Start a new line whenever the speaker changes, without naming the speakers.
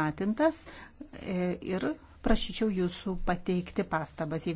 atintas e, ir prašyčiau jūsų pateikti pastabas, jeigu